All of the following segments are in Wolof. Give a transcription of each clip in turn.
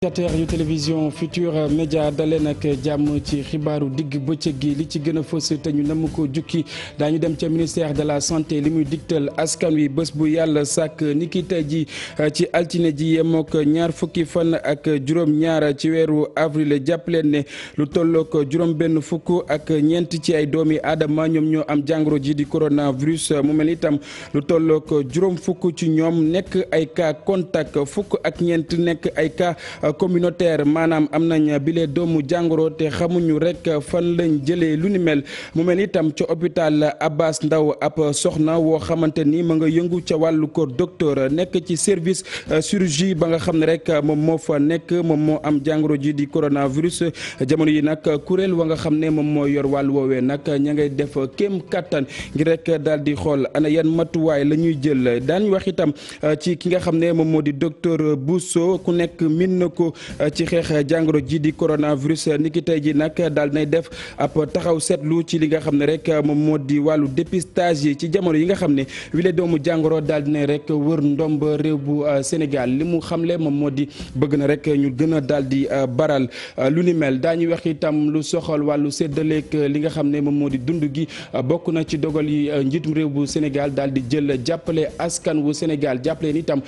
téléspectateurs yu télévision Futurs Médias daleen ak jàmm ci xibaaru digg bëccëg gi li ci gën a fës te ñu nam ko jukki daañu dem ca ministère de la santé li muy digtal askan wi bés bu yàlla sàkk niki tey ji euh, ci altine ji yemook ñaar fukki fan ak juróom ci weeru avril jàppaleen ne lu tollook juróom-benn fukk ak ñeent ci ay doomi aadama ñoom ñoo am jàngoro ji di coronavirus mu mel itam lu tollook juróom fukk ci ñoom nekk ay cas contact fukk ak ñeent nekk ay cas communautaire maanaam am nañ bile doomu jàngoro te xamuñu rek fan lañ jëlee lu ni mel mu mel itam ca hôpital Abbas Ndao ab soxna woo xamante ni ma nga yëngu ca wàllu ko docteur nekk ci service euh, chirurgie ba nga xam ne rek moom moo fa nekk moom moo am jàngoro ji di coronavirus jamono yi nag kuréel wa nga xam ne moom moo yor wàllu woowee nag ña ngay def kem kàttan ngir rek daal di xool ana yan matuwaay la ñuy jël daañu wax itam euh, ci ki nga xam ne moom moo di docteur Bousso sukkandiku eh, ci xeex jàngoro ji di coronavirus eh, ni ki tey ji nag daal nay def ab taxaw seetlu ci li nga xam ne rek eh, moom moo di wàllu dépistage yi ci jamono yi nga xam ne wile doomu jàngoro daal dina rek wër ndomb réew bu Sénégal li mu xamle moom moo di bëgg na rek ñu gën a daal di baral lu ni mel daañuy wax itam lu soxal wàllu seddaleek li nga xam ne moom moo di dund gi bokk na ci dogal yi njiitum réew bu Sénégal daal di jël jàppale askan wu Sénégal jàppale itam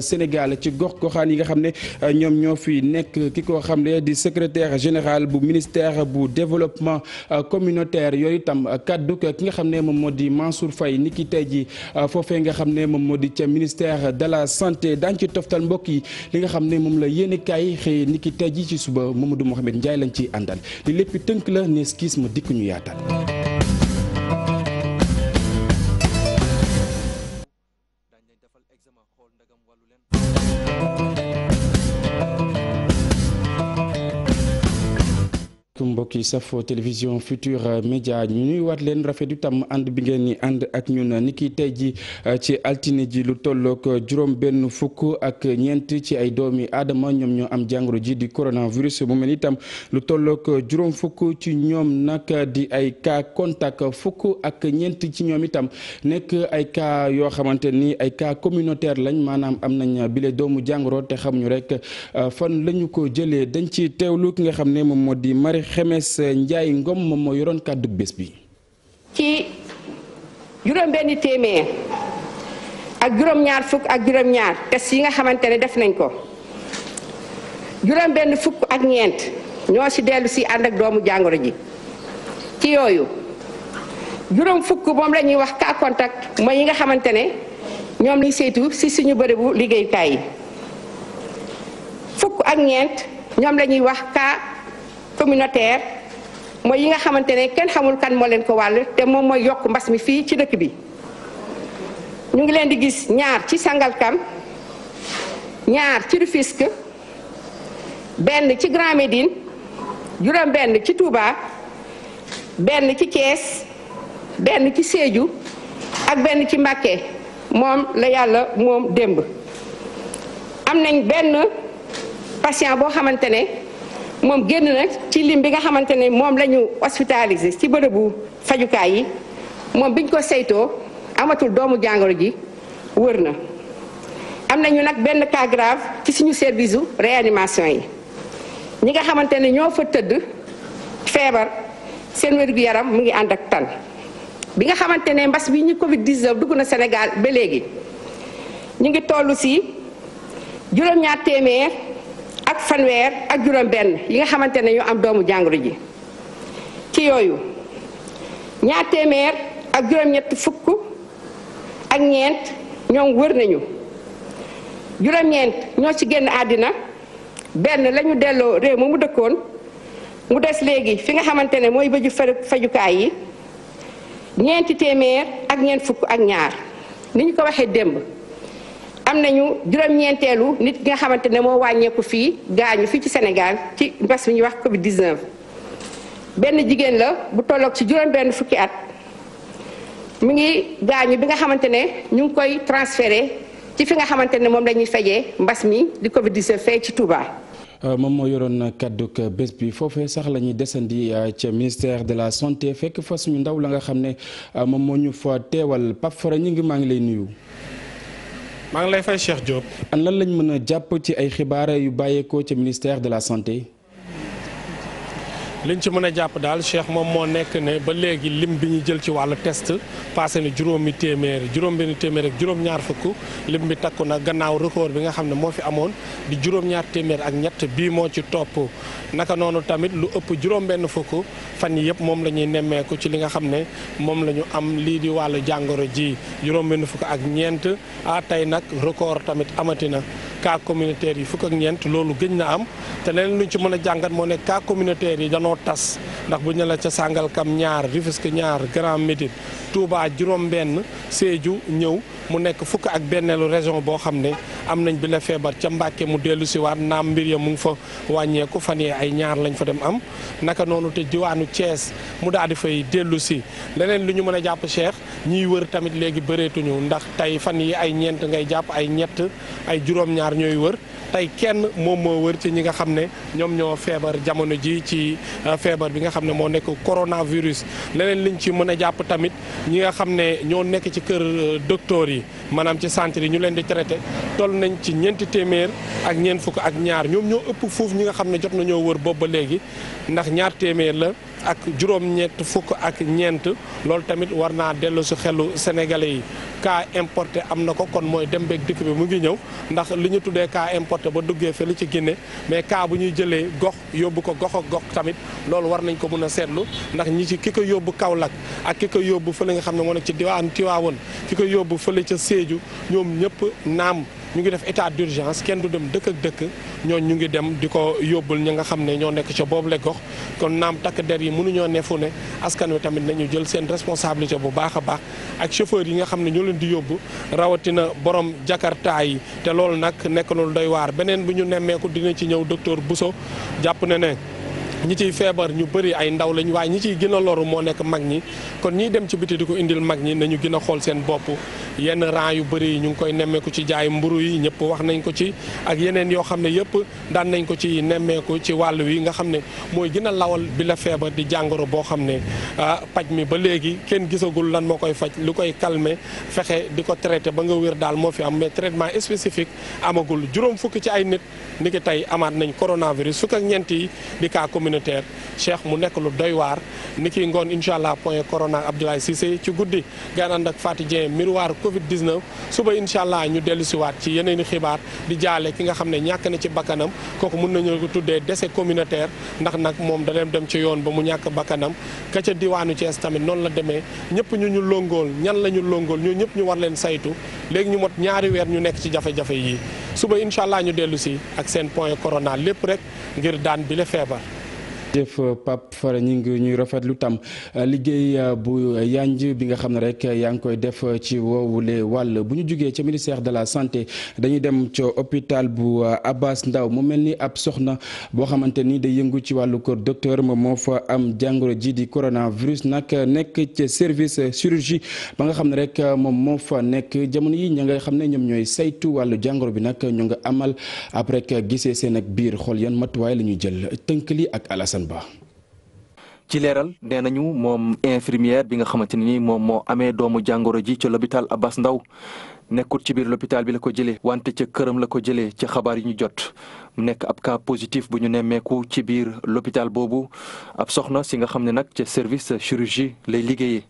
Sénégal ci gox goxaan yi nga xam ne euh, ñoom ñoo fi nekk ki ko xam ne di secrétaire général bu ministère bu développement euh, communautaire yooyu itam kaddu ki nga xam ne moom moo di Mansour fay ni ki tey ji euh, foofee nga xam ne moom moo di ca ministère de la santé daañ ci toftal mbokk yi li nga xam ne moom la yéene kay xëy ni ki tey ji ci suba moom Mamadou Mohamed Ndiaye lañ ci àndal li lépp tënk la ne skis ma dikk ñu yaatal salaamaaleykum mbokk yi safo télévision Futur Média ñu nuy waat leen rafet du tam ànd bi ngeen ni ànd ak ñun ni ki tey ji euh, ci altine ji lu tollook juróom benn fukk ak ñeent ci ay doomi aadama ñoom ñoo am jàngoro ji di coronavirus mu mel itam lu tollook juróom fukk ci ñoom nag di ay cas contact fukk ak ñeent ci ñoom itam nekk ay ka yoo xamante ni ay cas communautaire lañ maanaam am nañ bile doomu jàngoro te xamuñu rek euh, fan lañu ko jëlee dañ ci teewlu ki nga xam ne moom Xemes Ndiaye Ngom moom moo yoroon kàddu bés bi. ci juróom-benn téeméer ak juróom-ñaar fukk ak juróom-ñaar test yi nga xamante ne def nañ ko juróom-benn fukk ak ñeent ñoo ci dellu si ànd ak doomu jàngoro ji ci yooyu juróom fukk moom la wax cas contact mooy yi nga xamante ne ñoom liñ saytu ci suñu bërëbu liggéeyukaay yi fukk ak ñeent ñoom la wax cas. communautaire mooy yi nga xamante ne kenn xamul kan moo leen ko wàll te moom mooy yokk mbas mi fii ci dëkk bi ñu ngi leen di gis ñaar ci Sangalkam ñaar ci Rufisque benn ci Grand Médine juróom benn ci Touba benn ci Thiès benn ci Sédhiou ak benn ci Mbacké moom la yàlla moom démb am nañ benn patient boo xamante ne moom génn nag ci lim bi nga xamante ne moom la ñu hospitalisé ci bërëbu fajukaay yi moom biñ ko saytoo amatul doomu jàngoro ji wër na am nañu nag benn cas ci suñu service u réanimation yi ñi nga xamante ne ñoo fa tëdd feebar seen wér-gu-yaram mu ngi ànd ak tan bi nga xamante ne mbas bi ñu Covid 19 dugg na Sénégal ba léegi ñu ngi toll si juróom-ñaar téeméer. ak fanweer ak juróom-benn yi nga xamante ne ñu am doomu jàngoro ji ci yooyu ñaar téeméer ak juróom-ñett fukk ak ñeent ñoom wër nañu juróom-ñeent ñoo ci génn àddina benn lañu delloo réew ma mu dëkkoon mu des léegi fi nga xamante ne mooy bëju fajukaay yi ñeenti téeméer ak ñeent fukk ak ñaar ni ñu ko waxee démb. am nañu juróom-ñeenteelu nit ki nga xamante ne moo wàññeeku fii gaañu fii ci Sénégal ci mbas mi ñuy wax Covid 19. benn jigéen la bu tolloog ci juróom-benn fukki at mu ngi gaañu bi nga xamante ne ñu ngi koy transféré ci fi nga xamante ne moom la ñuy fejee mbas mi di Covid 19 fee ci Touba. Euh, moom moo yoroon kàdduk bés bi foofee sax la ñuy desandi euh, ca ministère de la santé fekk fa suñu ndaw la nga xam ne euh, moom moo ñu fa teewal Pape Fara ñu ngi maa ngi lay nuyu. maa ngi lay fay Cheikh Diop. lan lañ mën a jàpp ci ay xibaar yu bàyyeekoo ci ministère de la santé. liñ ci mën a jàpp daal Cheikh moom moo nekk ne ba léegi lim bi ñu jël ci wàllu test passé na juróomi téeméer juróom-benn téeméer ak juróom-ñaar fukk lim bi takku na gannaaw record bi nga xam ne moo fi amoon di juróom ak ñett bii moo ci topp naka noonu tamit lu ëpp juróom fukk fan yëpp moom la ñuy nemmeeku ci li nga xam ne moom la ñu am lii di wàllu jàngoro ji juróom-benn fukk ak ñeent ah tey nag record tamit amati na cas communautaire yi fukk ak ñeent loolu gëj na am te leneen luñ ci mën a jàngat moo ne cas communautaire yi danoo tas ndax bu ñu la ca Sangalkam ñaar Rufisque ñaar Grand Médine Touba juróom-benn Sédhiou ñëw mu nekk fukk ak beneenu région boo xam ne am nañ bi la feebar ca Mbàkke mu dellu si waat naam mbir ya mu ngi fa wàññeeku fan yee ay ñaar lañ fa dem am naka noonu te diwaanu cees mu daal di fay dellu si leneen lu ñu mën a jàpp Cheikh ñiy wër tamit léegi bëreetuñu ndax tey fan yi ay ñeent ngay jàpp ay ñett ay juróom-ñaar ñooy wër tey kenn moom moo wër ci ñi nga xam ne ñoom ñoo feebar jamono ji ci euh, feebar bi nga xam ne moo nekk coronavirus leneen liñ ci mën a jàpp tamit ñi nga xam ne ñoo nekk ci kër euh, docteur yi maanaam ci centre yi ñu leen di traité toll nañ ci ñeenti téeméer ak ñeent fukk ak ñaar ñoom ñoo ëpp foofu ñi nga xam ne jot nañoo wër boobu ba léegi ndax ñaar téeméer la ak juróom-ñett fukk ak ñeent loolu tamit war naa dellu si xelu sénégalais yi cas importe am na ko kon mooy dem beeg dikk bi mu ngi ñëw ndax li ñu tuddee kaa importé ba duggee fële ci Guinée mais cas bu ñuy jëlee gox yóbbu ko gox ak gox tamit loolu war nañ ko mën a seetlu ndax ñi ci ki ko yóbbu Kaolack ak ki ko yóbbu fële nga xam ne moo nekk ci diwaan Tiwaawoon ki ko yóbbu fële ca Sédhiou ñoom ñëpp naam ñu ngi def état d'urgence kenn du dem dëkk ak dëkk ñooñu ñu ngi dem di ko yóbbul ñi nga xam ne ñoo nekk ca boobu la gox kon naam takk der yi mënuñoo ne ne askan wi tamit nañu jël seen responsabilité bu baax a baax ak chauffeur yi nga xam ne ñoo leen di yóbbu rawatina borom jakarta yi te loolu nag nekk na lu doy waar beneen bu ñu nemmeeku dina ci ñëw docteur Bousso jàpp na ne ñi ciy feebar ñu bëri ay ndaw lañu waaye ñi ciy gën a loru moo nekk mag ñi kon ñiy dem ci biti di ko indil mag ñi nañu gën a xool seen bopp yenn rang yu bëri yi ñu ngi koy nemmeeku ci jaay mburu yi ñëpp wax nañ ko ci ak yeneen yoo xam ne yëpp daan nañ ko ci nemmeeku ci wàll wi nga xam ne mooy gën a lawal bi la feebar di jàngoro boo xam ne ah, paj mi ba léegi kenn gisagul lan moo koy faj lu koy calmer fexe di ko traité ba nga wér daal moo fi am mais traitement spécifique amagul juróom fukki ci ay nit niki tey amaat nañ coronavirus ñeent communautaire Cheikh mu nekk lu doy waar ni ki ngoon incha allah point corona Abdoulaye Cissé ci guddi gaan ànd ak Fatou Dieng miroir Covid 19 suba incha allah ñu dellu siwaat ci yeneeni xibaar di jaale ki nga xam ne ñàkk na ci bakkanam kooku mun nañu ko tuddee dese communautaire ndax nag moom da leen dem ci yoon ba mu ñàkk bakkanam ka ca diwaanu Thiès tamit noonu la demee ñëpp ñu ñu longool ñan la ñu longool ñoo ñëpp ñu war leen saytu léegi ñu mot ñaari weer ñu nekk ci jafe-jafe yi suba incha allah ñu dellu si ak seen point corona lépp rek ngir daan bile feebar jëf Pape Fara ngi ñuy rafetlu tam uh, liggéey uh, bu yanj bi nga xam ne rek yaa ngi koy def uh, ci woowule wàll bu ñu jugee ca ministère de la santé dañuy dem ca hôpital bu Abass ndaw mu mel ni ab soxna boo xamante ni day yëngu ci wàllu kër docteur moom moo fa am jàngoro ji di coronavirus nag nekk ca service chirurgie ba nga xam ne rek moom moo fa nekk jamono yi ña nga xam ne ñoom ñooy saytu wàllu jàngoro bi nag ñu nga amal après gisee seen ak biir xool yan matuwaay la ñuy jël tënk li ak Alassane Assane ci leeral nee nañu moom infirmière bi nga xamante ne ni moom moo amee doomu jàngoro ji ca l'hôpital Abass ndaw nekkut ci biir l'hôpital bi la ko jëlee wante ca këram la ko jëlee ci xabaar yi ñu jot mu nekk ab cas positif bu ñu nemmeeku ci biir l'hôpital boobu ab soxna si nga xam ne nag ca service chirurgie lay liggéeyee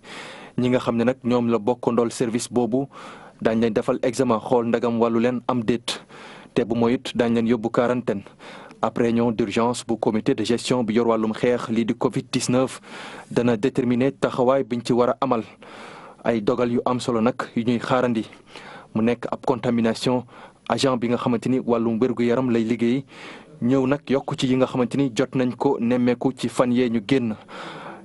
ñi nga xam ne nag ñoom la bokkandool service boobu daañ leen defal examen xool ndagam wallu leen am déet te bu moyit daañ leen yóbbu quarantaine ab réunion d'urgence bu commité de gestion bi yor wàllum xeex lii di Covid 19 dana déterminer taxawaay ñu ci war a amal ay dogal yu am solo nag yu ñuy xaarandi mu nekk ab contamination agent bi nga xamante ni wàllum wérgu yaram lay liggéey ñëw nag yokk ci yi nga xamante ni jot nañ ko nemmeeku ci fan yee ñu génn.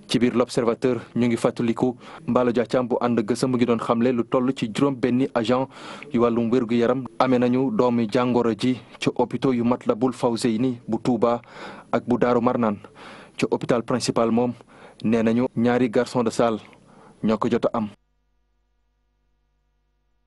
ci biir l'observateur ñu ngi fàttaliku Mballo Dia bu ànd gësëm mu ngi doon xam xamle lu toll ci juróom benni agent yu wàllum wérgu yaram amee nañu doomi jàngoro ji ci hôpitaux yu mat la bul Matlaboul Fawzeyni bu Touba ak bu Daaru Marnaan ci hôpital principal moom nee nañu ñaari garçon de salle ñoo ko jot a am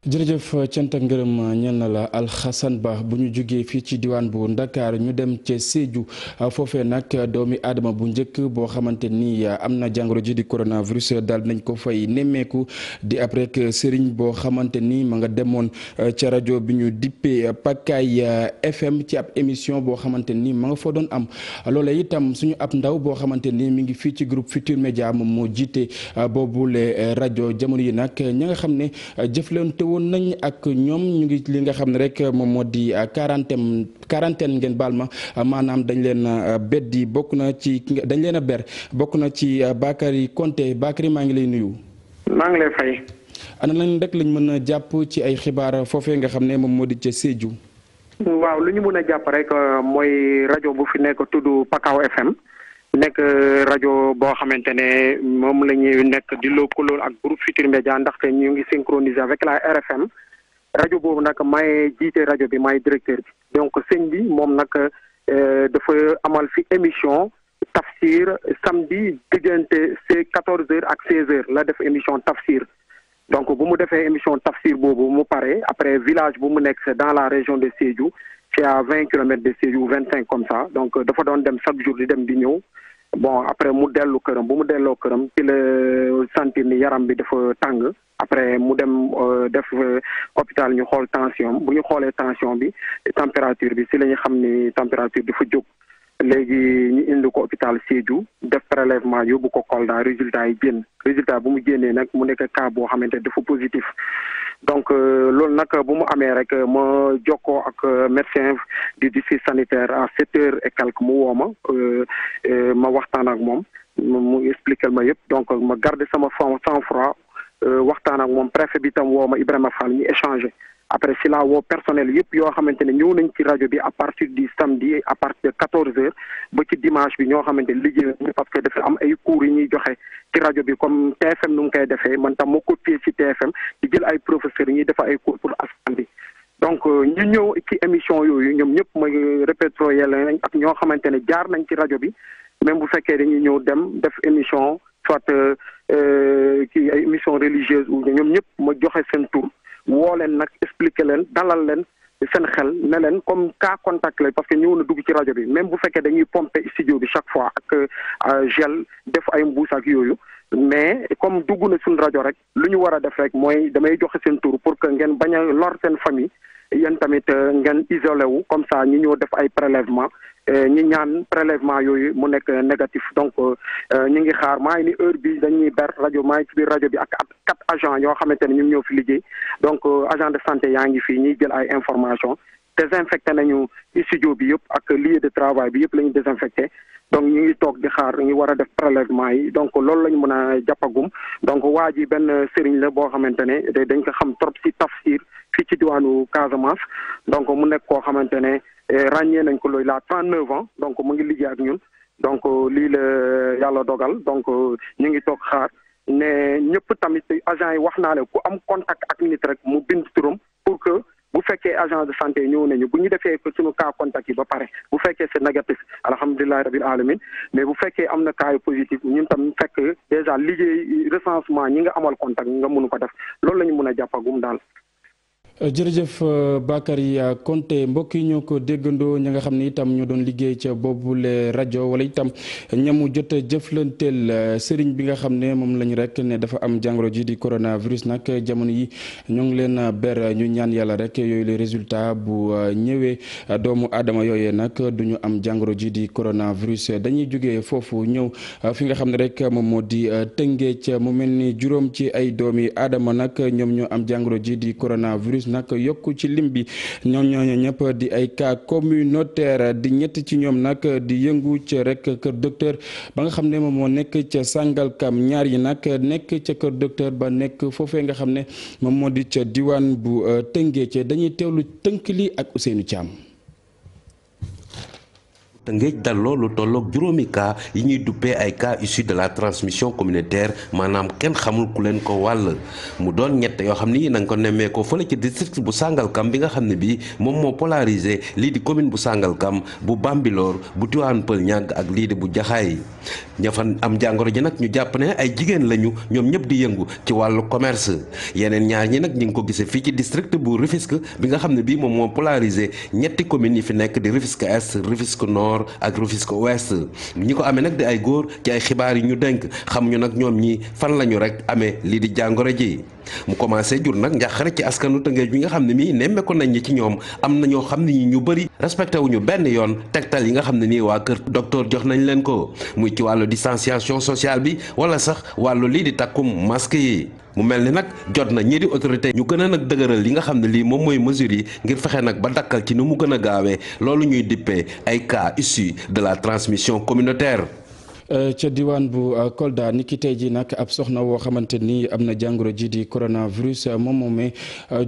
jërëjëf cant ak ngërëm ñeel na la alxasan ba bu ñu jugee fii ci diwaan bu ndakaar ñu dem ca Sédhiou foofee nag doomi aadama bu njëkk boo xamante ni am na jàngoro ji di coronavirus daal nañ ko fay nemmeeku di ab rek sëriñ boo xamante ni ma nga demoon eh, ca rajo bi ñu dippee eh, Pakaay eh, FM ci ab émission boo xamante ni ma nga fa doon am loola itam suñu ab ndaw boo xamante ni mi ngi fii ci groupe Futur Média moom moo jiite boobule rajo jamono yi nag ña nga xam ne jëflante woon nañ ak ñoom ñu ngi li nga xam ne rek moom moo di ah, quarantaine quarantaine ngeen baal ma ah, maanaam dañ leen ah, beddi bokk na ci dañ leen a ber bokk na ci Bakary Konté Bakary maa ngi lay nuyu. maa ngi lay fay. ana lañ rek lañ mën a jàpp ci ay xibaar foofee nga xam ne moom moo di ca Sédhiou. waaw lu ñu mën a jàpp rek euh, mooy rajo bu fi nekk tudd Pakao FM. nekk euh, rajo boo xamante ne moom la ñuy nekk di lëkkaloo ak groupe Futur Média ndaxte ñu ngi synchroniser avec la RFM rajo boobu nag may jiite rajo bi may directeur bi donc sëñ bi moom nag euh, dafa amal fi émission tafsir samedi diggante c'est quatorze heures ak seize heures la def émission tafsir donc bu mu defee émission tafsir boobu mu pare après village bu mu nekk dans la région de Sédhiou c'est à vingt kilomètres de Sédhiou vingt cinq comme ça donc euh, dafa doon dem chaque jour di dem di ñëw bon après mu dellu këram bu mu delloo këram ci la sentir ni yaram bi dafa tàng après mu dem euh, def euh, hôpital ñu xool tension bu ñu xoolee tension bi température bi ci la xam ni température dafa jóg léegi ñu indi ko hôpital Sédhiou def prélèvement yóbbu ko Kolda résultat yi génn résultat bu mu génnee nag mu nekk cas boo xamante dafa positif donc euh, loolu nag bu mu amee rek euh, ma jokkoo ak euh, médecin du district sanitaire à sept heures et quelques mu woo ma ma waxtaan ak moom mu expliqué ma yëpp donc ma garder sama sang froid waxtaan ak moom préfet bi tam woo ma Ibrahima Fall ñu échangé après si laa woo personnel yëpp yoo xamante ne ñëw nañ ci rajo bi a partir du samedi à partir de quatorze heures ba ci dimanche bi ñoo xamante ne liggéey ñu parce am ay cours yi ñuy joxe ci rajo bi comme TFM nu mu koy defee man tam moo copier ci TFM di jël ay professeurs yi ñuy def ay cours pour askan bi donc euh, ñu ñëw ci émission yooyu ñoom ñëpp mooy répertorié nañ ak ñoo xamante ne jaar nañ ci rajo bi même bu fekkee dañuy ñëw dem def émission soit euh, euh, kii ay émission religieuse ou ñoom ñëpp ma joxe seen tur woo leen nag expliquer leen dalal leen seen xel ne leen comme cas contact la parce que ñëw na dugg ci rajo bi même bu fekkee dañuy pomper studio bi chaque fois ak euh, gel def ay mbuus yooyu mais comme dugg na suñ rajo rek lu ñu war a def rek mooy damay joxe seen tour pour que ngeen bañ lor seen famille yéen tamit euh, ngeen isolé wu comme ça ñu ñëw def ay prélèvement Euh, ñu ñaan prélèvement yooyu mu nekk négatif donc euh, ñu ngi xaar maa ngi ni heure bi dañuy ber rajo maa ngi ci biir rajo bi ak quatre agents yoo xamante ne ñu ngi ñëw fi liggéey donc euh, agent de santé yaa ngi fii ñuy jël ay information désinfecté nañu studio bi yëpp ak lieu de travail bi yëpp la ñu désinfecté donc ñu ngi toog di xaar ñu war a def prélèvement yi donc loolu la ñu mën a jàppagum donc waa ji benn sëriñ la boo xamante ne dañ ko xam trop ci tafsir fii ci diwaanu Casamance donc mu nekk koo xamante ne Eh, ràññee nañ ko loolu il a 39 ans donc mu ngi liggéey ak ñun donc euh, lii la yàlla dogal donc euh, ñu ngi toog xaar ne ñëpp tamit agent yi wax naa ne ku am contact ak nit rek mu bind turam pour que bu fekkee agent de santé ñëw nañu bu ñu defee suñu cas contact yi ba pare bu fekkee c'est négatif alhamdulilah rabil alamin mais bu fekkee am na cas yu ñu ñun tam fekk déjà liggéey recensement ñi nga amal contact nga mënu ko def loolu la ñu mën a jàppagum daal. jërëjëf euh, Bakary Konte mbokk yi ñoo ko déggandoo ña nga xam ne itam ñoo doon liggéey ca boobule rajo wala itam ñamu jot a jëflanteel euh, sëriñ bi nga xam ne moom lañ rek ne dafa am jàngoro ji di coronavirus nag jamono yi ñoo ngi leen ber ñu ñaan yàlla rek yooyu les résultats bu euh, ñëwee doomu aadama yooyee nag du am jàngoro ji di coronavirus dañuy jóge foofu ñëw fi nga xam ne rek moom moo di tëngee ca mu mel ni juróom ci ay doomi aadama nag ñoom ñoo am jàngoro ji di coronavirus. nag yokk ci lim bi ñoom ñooñu ñëpp di ay cas communautaire di ñett ci ñoom nag di yëngu ca rek kër docteur ba nga xam ne moom moo nekk ca sàngalkam ñaar yi nag nekk ca kër docteur ba nekk foofee nga xam ne moom moo di ca diwaan bu euh, Tëngéej dañuy teewlu tënk li ak Ousseynou Thiam. Tëngéej dal loolu tolloog juróomi cas yi ñuy duppee ay cas issus de la transmission communautaire maanaam kenn xamul ku leen ko wàll mu doon ñett yoo xam ni na nga ko nemmee ko fële ci district bu Sangalkam bi nga xam ne bii moom moo polarisé lii di commune bu Sangalkam bu bambiloor bu tiwaan Peulh Niaga ak lii di bu Jaxaay yi fa am jàngoro ji nag ñu jàpp ne ay jigéen lañu ñoom ñëpp di yëngu ci wàllu commerce yeneen ñaar ñi nag ñu ngi ko gisee fii ci district bu Rufisque bi nga xam ne moom moo polarisé ñetti communes yi fi nekk di Rufisque Est Rufisque nord ak Rufisque ouest ñi ko amee nag di ay góor ci ay xibaar yu ñu dénk xamuñu nag ñoom ñi fan la ñu rek amee lii di jàngoro ji mu commencé jur nag njàqare ci askanu Tëngéej bi nga xam ne mii nemmeeku nañ ñi ci ñoom am na ñoo xam ne ñu bëri respecté wuñu benn yoon tegtal yi nga xam ne nii waa kër docteur jox nañ leen ko muy ci wàllu distanciation sociale bi wala sax wàllu lii di takkum masque yi mu mel ni nag jot na ñii di autorité ñu gën a nag dëgëral yi nga xam ne lii moom mooy mesures yi ngir fexe nag ba dakkal ci ni mu gën a gaawee loolu ñuy dippe ay cas issus de la transmission communautaire Euh, ca diwaan bu euh, Kolda ni ki tey ji nag ab soxna woo xamante ni am na jàngoro ji di coronavirus moom euh, moom moomee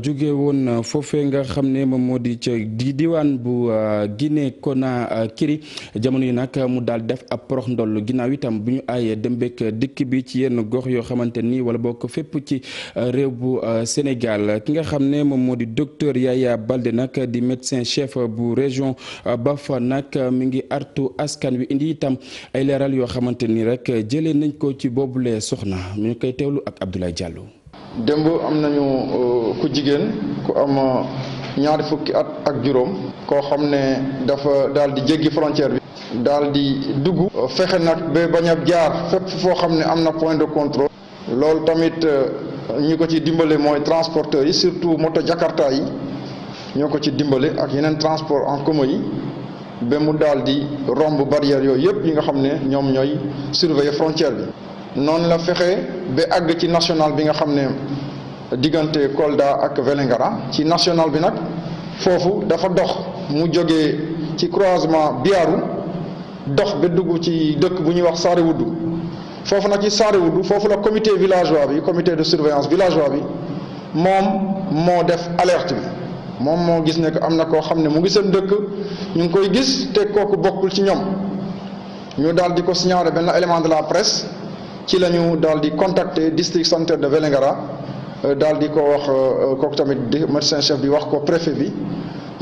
jóge woon foofee nga xam ne moom moo di ca di diwaan bu Guinée Conakry jamono yi nag mu daal def ab porox ndoll ginnaaw itam bu ñu ayee dem beek dikk bi ci yenn gox yoo xamante ni wala bokk fépp ci réew bu Sénégal ki nga xam ne moom moo di docteur Yaya Balde nag di médecin chef bu région ba fa nag mu ngi artu askan wi indi itam ay leeral yoo xamante nii rek jëlee nañ ko ci boobule soxna ñu ngi koy teewlu ak Abdoulaye Diallo. démb am nañu euh, ku jigéen ku am euh, ñaari fukki at ak juróom koo xam ne dafa daal di jéggi frontière bi. daal di dugg. Euh, fexe nag ba bañ a jaar fépp foo xam ne am na point de contrôle. loolu tamit ñu ko ci dimbale mooy transporteurs yi surtout moto jakarta yi ñoo ko ci dimbale ak yeneen transport en comme yi. ba mu daal di romb barrière yooyu yëpp yi nga xam ne ñoom ñooy surveiller frontière bi noonu la fexe ba àgg ci national bi nga xam ne diggante Kolda ak Vélingara ci national bi nag foofu dafa dox mu jóge ci croisement Biaru dox ba dugg ci dëkk bu ñuy wax Saare Wuddu foofu nag ci Saare foofu la comité villageois bi comité de surveillance villageois bi moom moo def alerte bi moom moo gis ne que am na koo xam ne mu ngi seen dëkk ñu ngi koy gis te kooku bokkul ci ñoom ñu daal di ko signaler benn élément de la presse ci la ñu daal di contacter district sanitaire de Vélingara euh, daal di ko wax euh, kooku tamit médecin chef bi wax ko préfé bi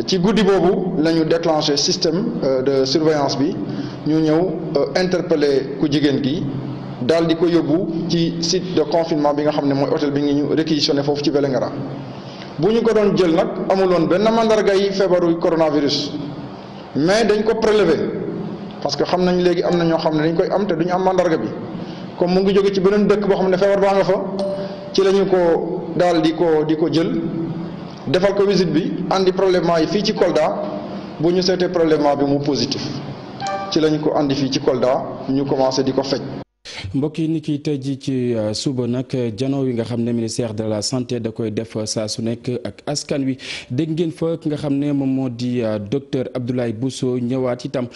ci guddi boobu la ñu déclenché système euh, de surveillance bi ñu ñëw interpeller ku jigéen gi daal di ko yóbbu ci site de confinement bi nga xam ne mooy hôtel bi ngi ñu réquisitionné foofu ci Vélingara bu ñu ko doon jël nag amuloon benn mandarga yi feebaru coronavirus mais dañ ko prélever parce que xam nañ léegi am na ñoo xam ne dañ koy am te duñu am mandarga bi comme mu ngi jóge ci beneen dëkk boo xam ne feebar baa nga fa ci la ko daal di ko di ko jël defal ko visite bi àndi prélèvement yi fii ci Kolda bu ñu seetee prélèvement bi mu positif ci lañ ko andi fii ci Kolda ñu commencé di ko faj. mbokk yi ni ki tey jii ci euh, suba nag euh, janoo wi nga xam ne ministère de la santé da koy def saa su nekk ak askan wi dégg ngeen ki nga xam ne moom moo di euh, docteur Abdoulaye Bousso ñëwaat itam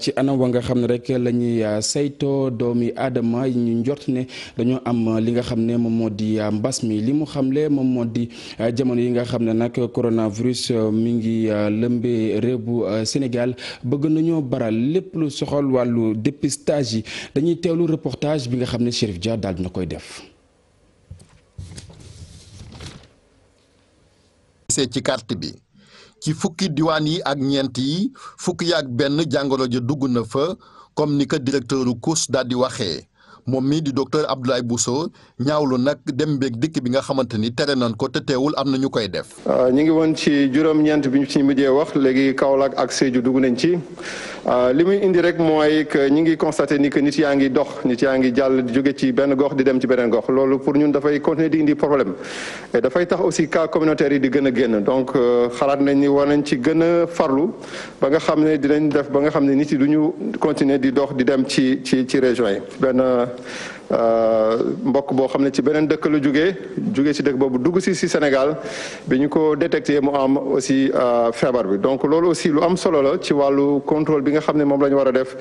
ci anam wa nga xam ne rek la ñuy saytoo doomi aadama yi ñu njort ne dañoo am li nga xam ne moom moo di mbas mi li mu xamle moom moo di jamono yi nga xam ne nag coronavirus mi ngi lëmbee réew bu Sénégal bëgg nañoo baral lépp lu soxol wàllu dépistage yi dañuy teewlu reportage hommage bi nga xam ne Chérif Dia daal dina koy def. gisee ci carte bi ci fukki diwaan yi ak ñeent yi fukki yaak benn jàngoro ja dugg na fa comme ni ko directeuru COUS daal di waxee moom mii di docteur Abdoulaye Bousso ñaawlu nag dem beeg dikk bi nga xamante ni tere nañ ko te teewul am na ñu koy def. Ah, ñu ngi woon ci juróom-ñeent bi ñu ci mujjee wax léegi Kaolack ak Sédhiou dugg nañ ci. Euh, li muy indi rek mooy que ñi ngi constaté ni que nit yaa ngi dox nit yaa ngi jàll di jóge ci benn gox di dem ci beneen gox loolu pour ñun dafay continuer di indi problème dafay tax aussi cas communautaire yi di gën a génn donc euh, xalaat nañ ni war nañ ci gën a farlu ba nga xam ne dinañ def ba nga xam ne nit yi du ñu continuer di dox di dem ci ci ci région yi benn Euh, mbokk boo xam ne ci beneen dëkk la jóge jugee si dëkk boobu dugg si si Sénégal bi ñu ko détecté mu am aussi euh, feebar bi donc loolu aussi lu am solo la ci wàllu controle bi nga xam ne moom la ñu war a def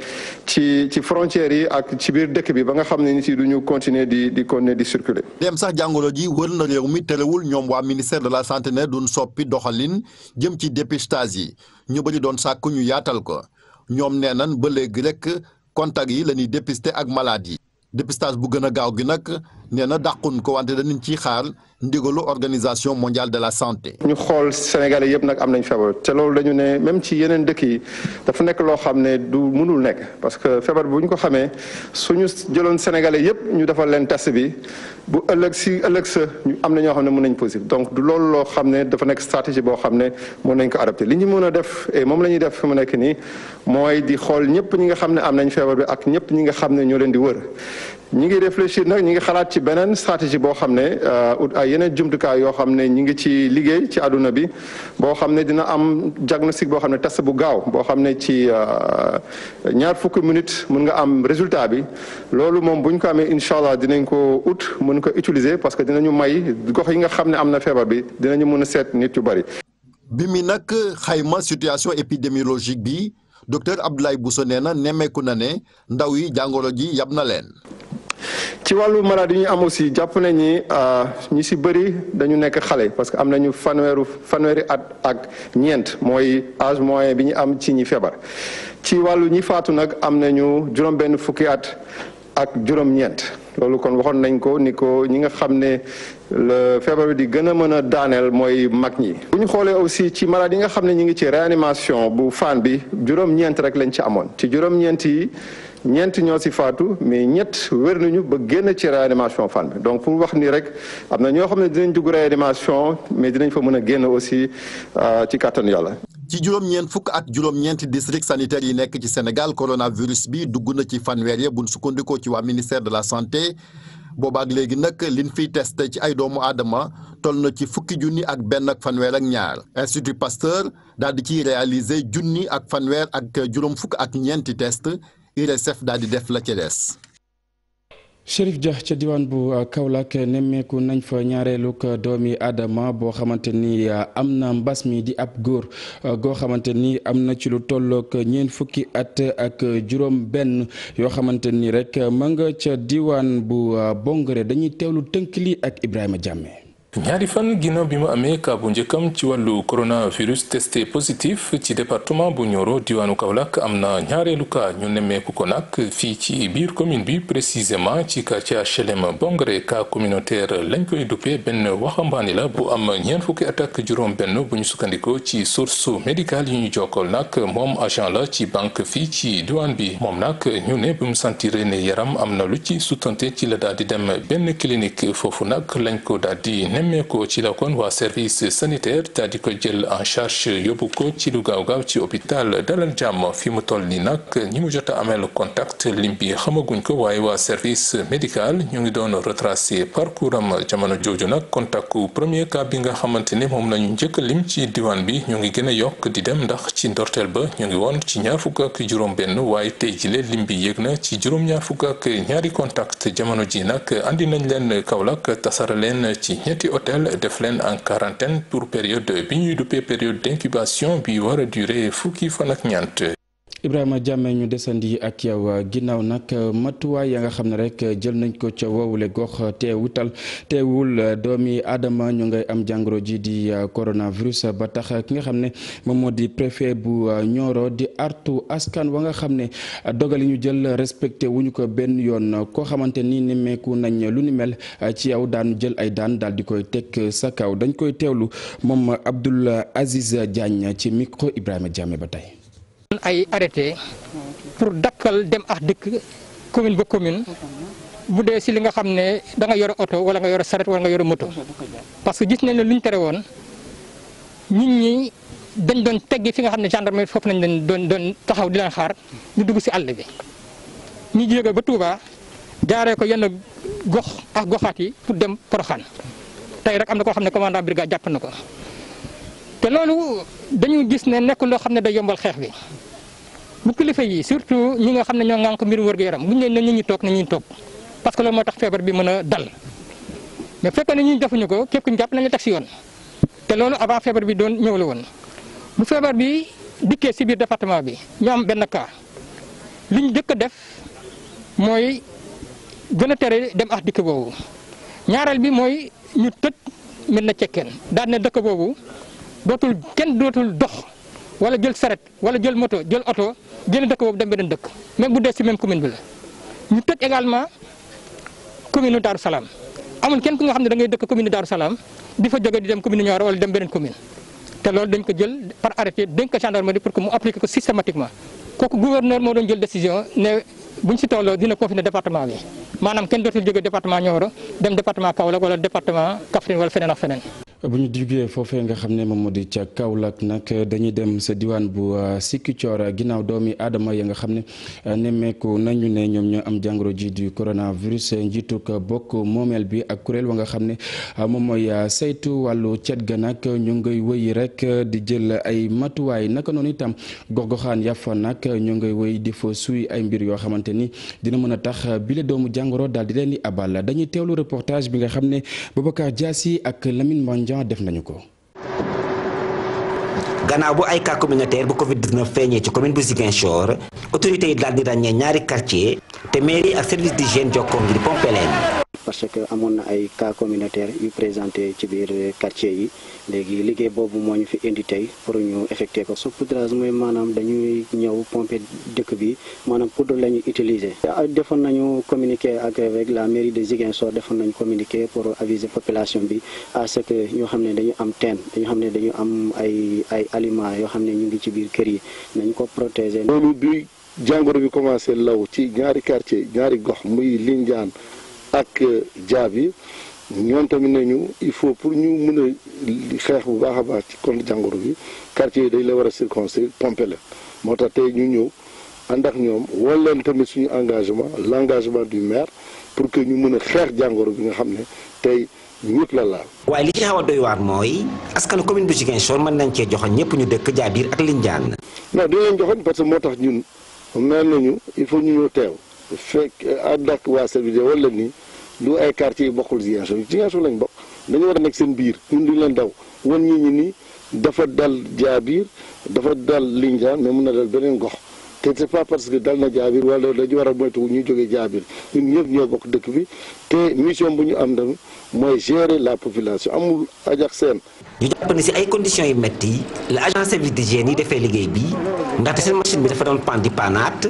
ci ci frontières yi ak ci biir dëkk bi ba nga xam ne nit yi du ñu continuer di di continuer di circuler. dem sax jàngoro ji wër na réew mi terewul ñoom waa ministère de la santé ne duñ soppi doxalin jëm ci dépistage yi ñu bëri doon sàkk ñu yaatal ko ñoom nee nan ba léegi rek contact yi la ñuy dépister ak malade yi. dépistage bu gën a gaaw gi nag nee na ko wante danañ ciy xaar ndigalu organisation mondiale de la santé. ñu xool Sénégalais yëpp nag am nañ feebar te loolu dañu ne même ci yeneen dëkk yi dafa nekk loo xam ne du mënul nekk parce que feebar bu ñu ko xamee su ñu jëloon Sénégalais yëpp ñu defal leen test bi bu ëllëg si ëllëg sa ñu am na ñoo xam ne mun nañ positif donc du loolu loo xam ne dafa nekk stratégie boo xam ne mën nañ ko adopté li ñu mën a def et moom la ñuy def fi mu nekk nii mooy di xool ñëpp ñi nga xam ne am nañ feebar bi ak ñëpp ñi nga xam ne ñoo leen di wër beneen stratégie boo xam ne euh, ut ay yeneen jumtukaay yoo xam ne ñi ngi ci liggéey ci àdduna bi boo xam ne dina am diagnostic boo xam ne test bu gaaw boo xam ne ci euh, ñaar fukki minutes mun nga am résultat bi loolu moom buñ ko amee incha allah dinañ ko ut mun ko utiliser parce que dinañu may gox yi nga xam ne am na feebar bi dinañu mun a seet nit yu bari bi mi nag xayma situation épidémiologique bi docteur Abdoulaye Bousso nee na nemmeeku na ne ndaw yi jàngoro ji yab na leen. ci wàllu malade yi ñu am aussi jàpp nañ ni euh, ñi si bëri dañu nekk xale parce que am nañu fanweeru fanweeri at ak ñeent mooy âge moyen bi ñu am ci ñi feebar ci wàllu ñi faatu nag am nañu juróom-benn fukki at ak juróom-ñeent loolu kon waxoon nañ ko ni ko ñi nga xam ne le feebar bi di gën a mën a daaneel mooy mag ñi. bu ñu xoolee aussi ci malade yi nga xam ne ñu ngi ci réanimation bu fan bi juróom-ñeent rek lañ ci amoon ci juróom-ñeent yi. ñeenti ñoo si faatu mais ñett wér nañu ba génn ci réanimation fan bi donc pour wax ni rek am na ñoo xam ne dinañ dugg réanimation mais dinañ fa mën a génn aussi euh, ci kàttanu yàlla. ci juróom-ñeent fukk ak juróom-ñeenti district sanitaire yi nekk ci Sénégal coronavirus bi dugg na ci fanweer ya bu sukkandikoo ci waa ministère de la santé. boobaak léegi nag liñ fiy testé ci ay doomu aadama toll na ci fukki junni ak benn ak fanweer ak ñaar institut Pasteur daal di ciy réaliser junni ak fanweer ak juróom fukk ak ñeenti test URSF daal di def la ca des. Chérif Dia ca diwaan bu uh, Kaolack nemmeeku nañ fa ñaareelug doomi aadama boo xamante ni uh, am na mbas mi di ab góor uh, goo xamante ni am na ci lu tollook ñeent fukki at ak juróom benn yoo xamante ni rek ma nga ca diwaan bu Bongore dañuy teewlu tënk li ak Ibrahima Jàmme ñaari fan ginnaaw bi mu amee cas bu njëkkam ci wàllu coronavirus testé positif ci département bu Nioro diwaanu Kaolack am na ñaareelu cas ñu nemmeeku ko nag fii ci biir commune bi précisément ci quartier HLM Bongre cas communautaire lañ koy duppee benn waxambaane la bu am ñeen fukki at juróom-benn bu ñu sukkandikoo ci source médicale yi ñu jokkool nag moom agent la ci banque fii ci diwaan bi moom nag ñu ne bi mu sentiree ne yaram am na lu ci sutante ci la daal di dem benn clinique foofu nag lañ ko daal di nemmeeku ci la kon waa service sanitaire daal di ko jël en charge yóbbu ko ci lu gaaw gaaw ci hôpital dalal jàmm fi mu toll ni nag ñi mu jot a ameel contact lim bi xamaguñ ko waaye waa service médical ñoo ngi doon retracé parcours am jamono jooju nag contact premier cas bi nga xamante ne moom lañu njëkk lim ci diwaan bi ñoo ngi gën a yokk di dem ndax ci ndorteel ba ñoo ngi woon ci ñaar fukk ak juróom-benn waaye tey jile lim bi yéeg na ci juróom-ñaar fukk ñaari contact jamono ji nag andi nañ leen Kaolack tasara leen ci ñetti hôtel def leen en quarantaine pour période bi ñuy duppee période d'incubation bi war a durer fukki fan ak ñeent Ibrahima Diame ñu yi ak yow ginnaaw nag matuwaay ya nga xam ne rek jël nañ ko ca woowule gox teewutal teewul doomi aadama ñu ngay am jàngoro ji di uh, coronavirus ba tax uh, ki nga xam ne moom moo di préfet bu uh, Nioro di artu askan wa nga xam ne dogal yi ñu jël respecté wu ñu ko benn yoon koo xamante nii nemmeeku nañ lu ni mel ci yow daan jël ay daan daal di koy teg sa kaw dañ koy teewlu moom Abdoul Aziz Diagne ci micro Ibrahima Diame ba tey. ay arrêté pour dakkal dem ak dikk commune ba commune bu dee si li nga xam ne da nga yore wala nga yore saret wala nga yore moto parce que gis nañ ne lu ñu tere woon nit ñi dañ doon teggi fi nga xam ne gendarmerie foofu nañ leen doon doon taxaw di leen xaar ñu dugg si àll bi ñu jóge ba Touba jaaree ko yenn gox ak goxaat yi pour dem Poroxaan tey rek am na koo xam ne commandant brigade jàpp na ko te loolu dañu gis ne nekk loo xam ne day yombal xeex bi bu kilifa yi surtout ñi nga xam ne ñoo ŋànk mbiru wërgu yaram buñ leen ne ñu ñu toog nañu toog parce que loolu moo tax feebar bi mën a dal mais fekkoon ne ñun defuñu ko képp ku ñu jàpp nañu si yoon te loolu avant feebar bi doon ñëw woon. bu feebar bi dikkee si biir département bi ñu am benn cas li ñu jëkk a def mooy gën a tere dem ak dikk boobu ñaareel bi mooy ñu mel na cekkeen daal dëkk boobu. dootul kenn dootul dox wala jël saret wala jël moto jël oto génn dëkk boobu dem beneen dëkk même bu dee si même commune bi la ñu tëj également commune Darou Salaam amul kenn ku nga xam ne da ngay dëkk commune Darou Salaam di fa jóge di dem commune Nioro wala dem beneen commune te loolu dañ ko jël par arrêté dañ ko gendarmerie pour que mu appliquer ko systématiquement kooku gouverneur moo doon jël décision ne buñ si tolloo dina confiner département bi maanaam kenn dootul jóge département Nioro dem département Kaolack wala département Kaffrine wala feneen ak bu ñu jugee foofee nga xam ne moom moo di ca Kaolack nag dañuy dem sa diwaan bu uh, Sikicoor uh, ginnaaw doomi aadama ya nga xam ne uh, nemmeeku nañu ne ñoom ñoo am jàngoro ji du coronavirus njiituk bokk moomeel bi ak kuréel wa nga xam ne moom mooy saytu wàllu cet ga nag ñu ngay wëy rek di jël ay matuwaay naka noonu itam gox-goxaan yafa nag ñu ngay wëy di fa suy ay mbir yoo xamante ni dina mën a tax bile doomu jàngoro daal di leen di abal dañuy étudiants def nañu ko. gannaaw bu ay cas communautaire bu Covid 19 feeñee ci commune bu Ziguinchor autorités yi daal di ràññee ñaari quartier te mairie ak service d'hygiène jokkoo ngir pompé parce que amoon na ay cas communautaire yu présenté ci biir quartier yi léegi liggéey boobu moo ñu fi indi tey pour ñu effectuer ko saupoudrage mooy maanaam dañuy ñëw pomper dëkk bi maanaam poudre la ñuy utiliser ah, defoon nañu communiqué ak avec la mairie de Ziguinchor defoon nañu communiqué pour aviser population bi à ce que ñoo xam ne dañu am teen dañu xam ne dañu am ay ay aliments yoo xam ne ñu ngi ci biir kër yi nañ ko protéger loolu bi jàngoro bi commencé law ci ñaari quartier ñaari gox muy Lindiane ak jaab euh, yi ñoom tamit nañu il faut pour ñu mën a xeex bu baax a baax ci contre jàngoro bi quartier yi dañ la war a circonstruire pomper la moo tax tey ñu ñëw ànd ak ñoom wol leen tamit suñu engagement l' engagement du maire pour que ñu mën a xeex jàngoro bi nga xam ne tey ñëpp la laal. waaye li ci xaw a doy waar mooy askanu commune bu Ziguinchor mën nañ cee joxoon ñëpp ñu dëkk Jaabiir ak Lindiane. non duñ leen joxoon parce que moo tax ñun mel nañu il faut ñu ñëw teew fekk ànd ak waa service wala nii. du ay quartier yu bokkul Ziguinchor Ziguinchor lañ bokk dañu war a nekk seen biir ñun duñ leen daw wan ñi ñi ni dafa dal jaabiir dafa dal Lindiane mais mun na dal beneen gox te c'est pas parce que dal na jaabir wala dañu war a moytu ñu jógee jaabir ñun ñëpp ñoo bokk dëkk bi te mission bu ñu am tamit mooy gérer la population amul ajax seen. ñu jàpp si ay conditions yu métti la agence service d'hygiène yi defee liggéey bi ndaxte seen machine bi dafa doon pan di panaat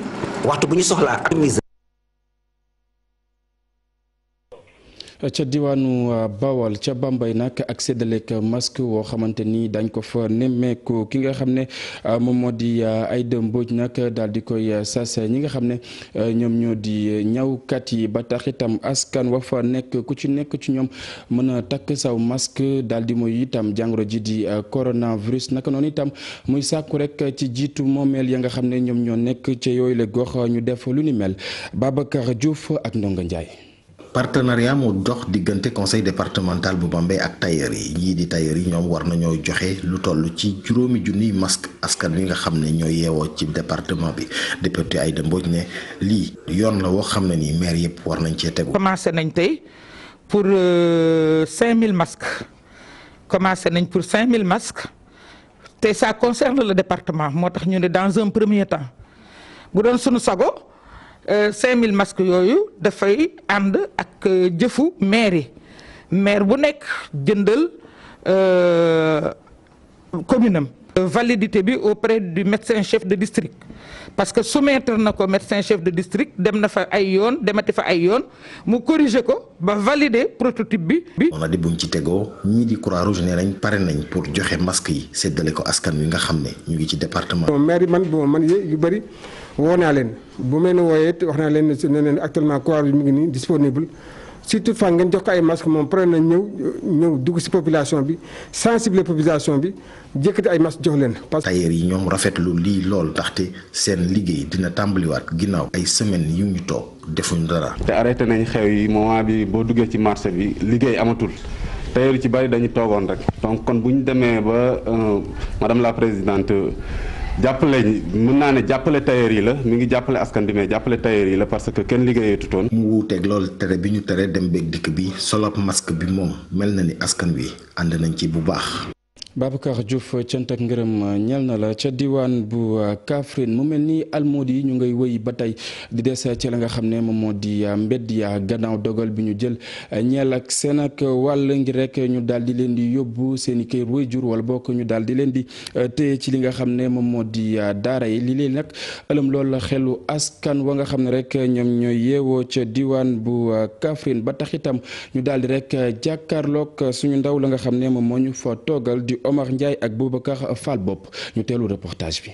ca diwaanu euh, Bawol ca Bambey nag ak séddaleeg masque woo xamante nii dañ ko fa nemmeeku ki nga xam ne euh, moom moo di euh, Aïda Mbodj nag daal di koy sas ñi nga xam ne ñoom ñoo di ñawkat yi ba tax itam askan wa fa nekk ku ci nekk ci ñoom mën a takk saw masque daal di muy itam jàngoro ji di coronavirus naka noonu itam muy sàkku rek ci jiitu moomeel ya nga xam ne ñoom ñoo nekk ca yooyu la gox ñu def lu ni mel Babacar Diouf ak Ndonga Ndiaye. partenariat moo dox diggante conseil départemental bu ba Bambey ak tailleur yi ñii di tailleur yi ñoom war nañoo joxe lu toll ci juróomi junniy masque askan wi nga xam ne ñoo yeewoo ci département bi député Aïda Mbodj ne lii yoon la woo xam ne nii maire yëpp war nañ cee tegu. commencé nañ tey pour 5000 euh, masques commencé nañ pour 5000 masques te ça la le département moo tax ñu ne dans un premier temps bu doon sunu sago. 5000 euh, masques yooyu dafay ànd ak euh, jëfu maire yi maire bu nekk jëndal euh, commune am validité bi au auprès du médecin chef de district parce que soumettre na ko médecin chef de district dem na fa ay yoon demati fa ay yoon mu corriger ko ba valider prototype bi. on a dit bu ñu ci tegoo ñii di croix rouge nee nañ pare nañ pour joxe masque yi séddale ko askan wi nga xam ne ñu ngi ci département. bon maire man bon man yu bëri woo naa leen bu mel ne wooyee wax naa leen ne actuellement croix mu ngi nii disponible. si toutefois ngeen jox ko ay masque moom pare na ñëw ñëw dugg si population bi sensibiliser population bi jëkkati ay masque jox leen. parce que yi ñoom rafetlu lii lool ndaxte seen liggéey dina tàmbaliwaat ginnaaw ay semaine yu ñu toog defuñ dara. te arrêté nañ xew yi moment bi boo duggee ci marché bi liggéey amatul. tailleur ci bari dañu toogoon rek donc kon bu ñu demee ba euh, madame la présidente. jàppale mun naa ne jàppale tailleur yi la mu ngi jàppale askan bi mais jàppale tailleur yi la parce que kenn liggéeyatu toon mu wuuteeg loolu tere bi ñu teree dem beeg dikk bi solop masque bi moom mel na ni askan wi ànd nañ ci bu baax Babacar Diouf cant ak ngërëm ñel na la ca diwaan bu Kaffrine mu mel ni almoodi yi ñu ngay wëy ba tey di des ci la nga xam ne moom moo di mbedd gannaaw dogal bi ñu jël ñeel seen ak wàll rek ñu daal di leen di yóbbu seen i kër waajur wala bokk daal di leen di uh, téye ci li nga xam ne moom moo di uh, daara yi li lii nag ëlëm loolu la xelu askan wa nga xam ne rek ñoom ñooy yeewoo ca diwaan bu uh, Kaffrine ba tax itam ñu daal di rek jàkkaarloog suñu ndaw la nga xam ne moom moo ñu fa toogal di Omar Ndiaye ak Boubacar Fall Bopp ñu teelu reportage bi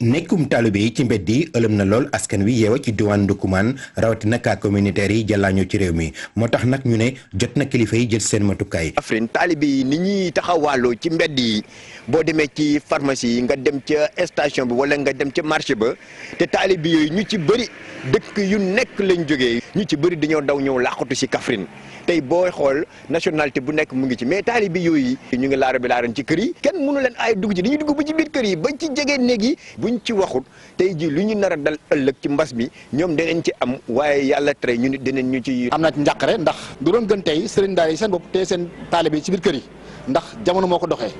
nekkum taalibe yi ci mbedd yi ëlëm na lool askan wi yeewa ci diwaan Ndoukoumane rawatina kaa communautaire yi jëlaañoo ci réew mi moo tax nag ñu ne jot na kilifa yi jël seen matukaay. Kaffrine taalibe yi ni ñuy taxawaaloo ci mbedd yi boo demee ci pharmacie yi nga dem ca station bi wala nga dem ca marché ba te taalibe yooyu ñu ci bëri dëkk yu nekk lañ jógee ñu ci bëri dañoo daw ñëw làqatu ci Kaffrine. tey booy xool nationalité bu nekk mu ngi ci mais taalibe yooyu ñu ngi laara bi laaran ci kër yi kenn mënu leen ay dugg ci dañuy dugg ba ci biir kër yi bañ ci jege néeg yi buñ ci waxut tey ji lu ñu nar ëllëg ci mbas mi ñoom danañ ci am waaye yàlla tere ñu nit danañ ñu ci am na ci njàqare ndax du doon gën tey sëriñ daara yi seen bopp tey seen taalibe yi ci biir kër yi ndax jamono moo ko doxee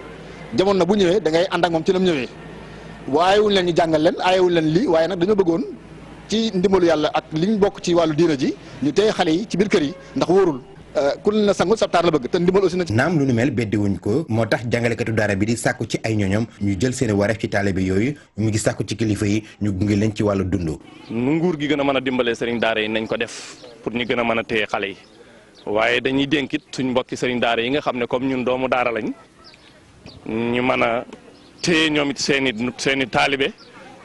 jamono na bu ñëwee dangay ngay ànd ak moom ci lam ñëwee wu leen ñu jàngal leen aayewuñ leen li waaye nag dañoo bëggoon ci ndimalu yàlla ak liñ bokk ci wàllu diina ji ñu tey xale yi ci biir kër yi ndax wóorul Euh, ku la sangu sa taar la bëgg te ndimbal aussi na naam lu nu mel beddiwuñ ko moo tax jàngalekatu daara bi di sàkku ci ay ñoñom ñu jël seen wareef ci taalibe yooyu mu ngi sàkku ci kilifa yi ñu gunge leen ci wàllu dund nu nguur gi gën a mën a dimbalee sëriñ daara yi nañ ko def pour ñu gën a mën a téye xale yi waaye dañuy dénkit suñ mbokki sëriñ daara yi nga xam ne comme ñun doomu daara lañ ñu mën a téye ñoom it seeni seeni taalibe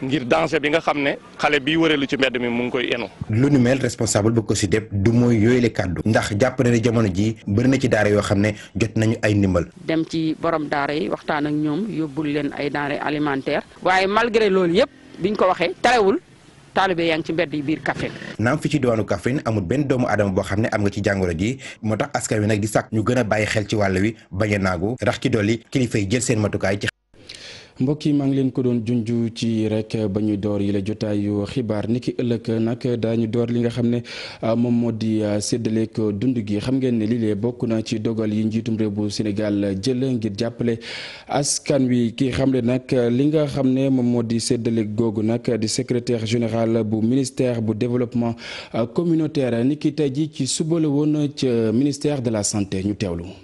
ngir danger bi nga xam ne xale bi wëreelu ci mbedd mi mu ngi koy enu lu nu responsable bu ko si def du mooy yooyu la kàddu ndax jàpp na ne jamono ji bëri na ci daara yoo xam ne jot nañu ay ndimbal dem ci borom daara yi waxtaan ak ñoom yóbbul leen ay denrées alimentaire waaye malgré loolu yëpp biñ ko waxee terewul taalibe yaa ngi ci mbedd yi biir Kaffrine naam fi ci diwaanu Kaffrine amul benn doomu aadama boo xam ne am nga ci jàngoro ji moo tax askan wi nag di sàkk ñu gën a bàyyi xel ci wàll wi bañ a naagu rax ci yi jël seen matukaay mbokk yi maa ngi leen ko doon junj ci rek ba ñu door yi la jotaayu xibaar ni ki ëllëg nag daañu door li nga xam ne ah, moom moo di ah, séddaleeg dund gi xam ngeen ne lii bokk na ci dogal yi njiitum réew bu Sénégal jël ngir jàppale askan wi ki xam ne nag li nga xam ne moom moo di séddaleeg googu nag di secretaire général bu ministère bu développement ah, communautaire ni ki tey ji ci suba la woon ca ministère de la santé ñu teewlu.